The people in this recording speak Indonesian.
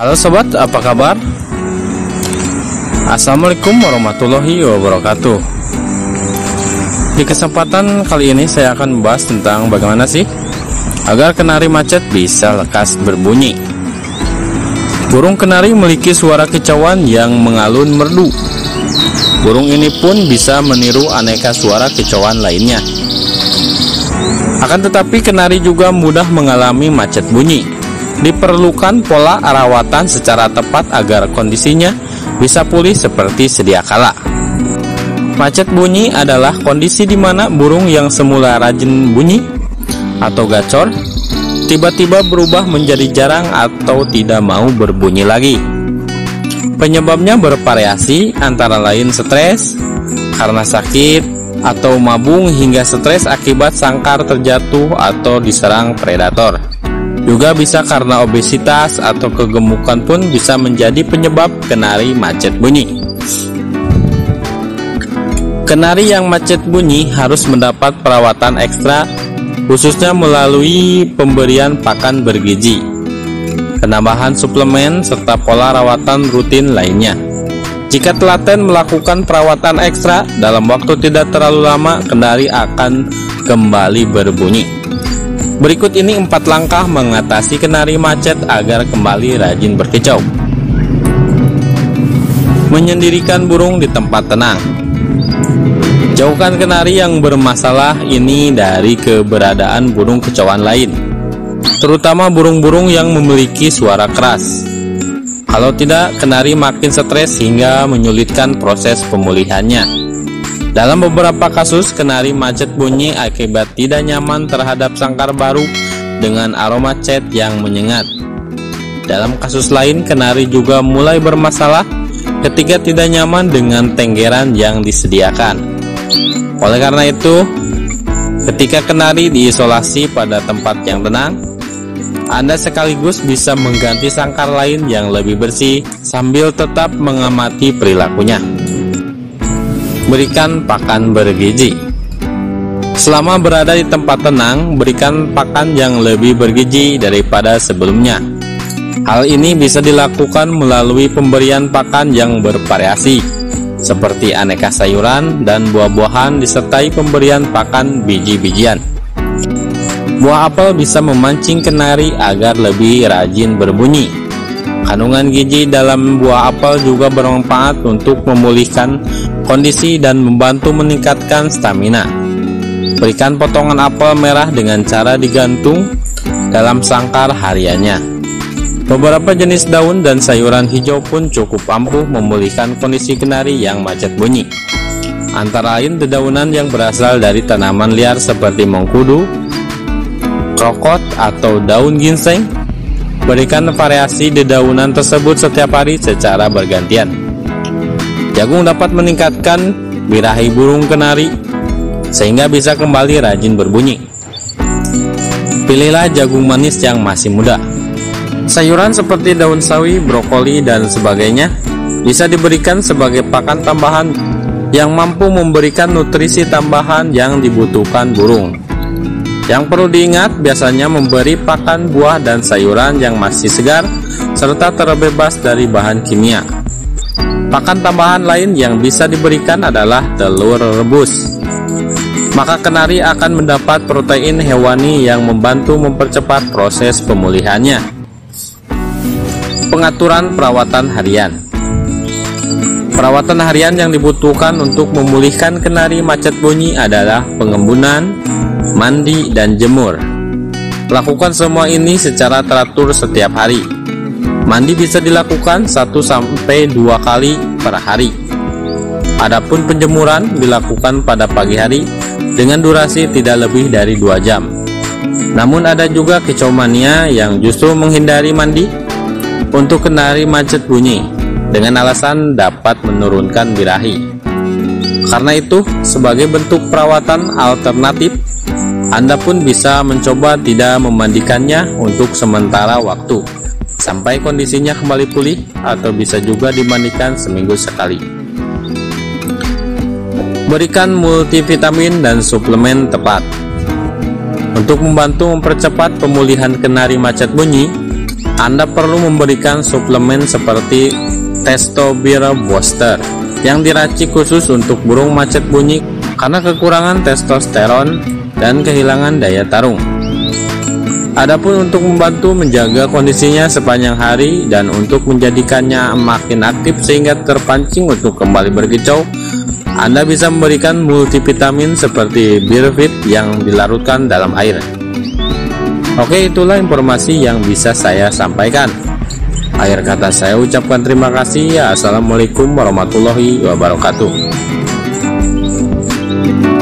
Halo sobat, apa kabar? Assalamualaikum warahmatullahi wabarakatuh Di kesempatan kali ini saya akan membahas tentang bagaimana sih Agar kenari macet bisa lekas berbunyi Burung kenari memiliki suara kecauan yang mengalun merdu Burung ini pun bisa meniru aneka suara kecauan lainnya Akan tetapi kenari juga mudah mengalami macet bunyi diperlukan pola rawatan secara tepat agar kondisinya bisa pulih seperti sedia kala. Macet bunyi adalah kondisi di mana burung yang semula rajin bunyi atau gacor tiba-tiba berubah menjadi jarang atau tidak mau berbunyi lagi. Penyebabnya bervariasi antara lain stres, karena sakit, atau mabung hingga stres akibat sangkar terjatuh atau diserang predator. Juga bisa karena obesitas atau kegemukan pun bisa menjadi penyebab kenari macet bunyi. Kenari yang macet bunyi harus mendapat perawatan ekstra khususnya melalui pemberian pakan bergizi, penambahan suplemen serta pola rawatan rutin lainnya. Jika telaten melakukan perawatan ekstra dalam waktu tidak terlalu lama, kenari akan kembali berbunyi. Berikut ini empat langkah mengatasi kenari macet agar kembali rajin berkicau. Menyendirikan burung di tempat tenang. Jauhkan kenari yang bermasalah ini dari keberadaan burung kecauan lain, terutama burung-burung yang memiliki suara keras. Kalau tidak, kenari makin stres hingga menyulitkan proses pemulihannya. Dalam beberapa kasus, kenari macet bunyi akibat tidak nyaman terhadap sangkar baru dengan aroma cat yang menyengat. Dalam kasus lain, kenari juga mulai bermasalah ketika tidak nyaman dengan tenggeran yang disediakan. Oleh karena itu, ketika kenari diisolasi pada tempat yang tenang, anda sekaligus bisa mengganti sangkar lain yang lebih bersih sambil tetap mengamati perilakunya. Berikan pakan bergizi Selama berada di tempat tenang, berikan pakan yang lebih bergizi daripada sebelumnya. Hal ini bisa dilakukan melalui pemberian pakan yang bervariasi, seperti aneka sayuran dan buah-buahan disertai pemberian pakan biji-bijian. Buah apel bisa memancing kenari agar lebih rajin berbunyi. Kandungan gizi dalam buah apel juga bermanfaat untuk memulihkan kondisi dan membantu meningkatkan stamina. Berikan potongan apel merah dengan cara digantung dalam sangkar hariannya. Beberapa jenis daun dan sayuran hijau pun cukup ampuh memulihkan kondisi kenari yang macet bunyi. Antara lain dedaunan yang berasal dari tanaman liar seperti mengkudu, krokot atau daun ginseng, Berikan variasi dedaunan tersebut setiap hari secara bergantian. Jagung dapat meningkatkan birahi burung kenari sehingga bisa kembali rajin berbunyi. Pilihlah jagung manis yang masih muda. Sayuran seperti daun sawi, brokoli, dan sebagainya bisa diberikan sebagai pakan tambahan yang mampu memberikan nutrisi tambahan yang dibutuhkan burung. Yang perlu diingat biasanya memberi pakan buah dan sayuran yang masih segar serta terbebas dari bahan kimia. Pakan tambahan lain yang bisa diberikan adalah telur rebus. Maka kenari akan mendapat protein hewani yang membantu mempercepat proses pemulihannya. Pengaturan perawatan harian. Perawatan harian yang dibutuhkan untuk memulihkan kenari macet bunyi adalah pengembunan, mandi, dan jemur. Lakukan semua ini secara teratur setiap hari. Mandi bisa dilakukan 1 sampai 2 kali per hari. Adapun penjemuran dilakukan pada pagi hari dengan durasi tidak lebih dari 2 jam. Namun ada juga kecomania yang justru menghindari mandi untuk kenari macet bunyi dengan alasan dapat menurunkan birahi. Karena itu, sebagai bentuk perawatan alternatif, Anda pun bisa mencoba tidak memandikannya untuk sementara waktu sampai kondisinya kembali pulih atau bisa juga dimandikan seminggu sekali. Berikan multivitamin dan suplemen tepat. Untuk membantu mempercepat pemulihan kenari macet bunyi, Anda perlu memberikan suplemen seperti Testo Testobira Booster yang diracik khusus untuk burung macet bunyi karena kekurangan testosteron dan kehilangan daya tarung. Adapun untuk membantu menjaga kondisinya sepanjang hari dan untuk menjadikannya makin aktif sehingga terpancing untuk kembali berkicau, Anda bisa memberikan multivitamin seperti Birfit yang dilarutkan dalam air. Oke, itulah informasi yang bisa saya sampaikan. Akhir kata saya ucapkan terima kasih. Assalamualaikum warahmatullahi wabarakatuh.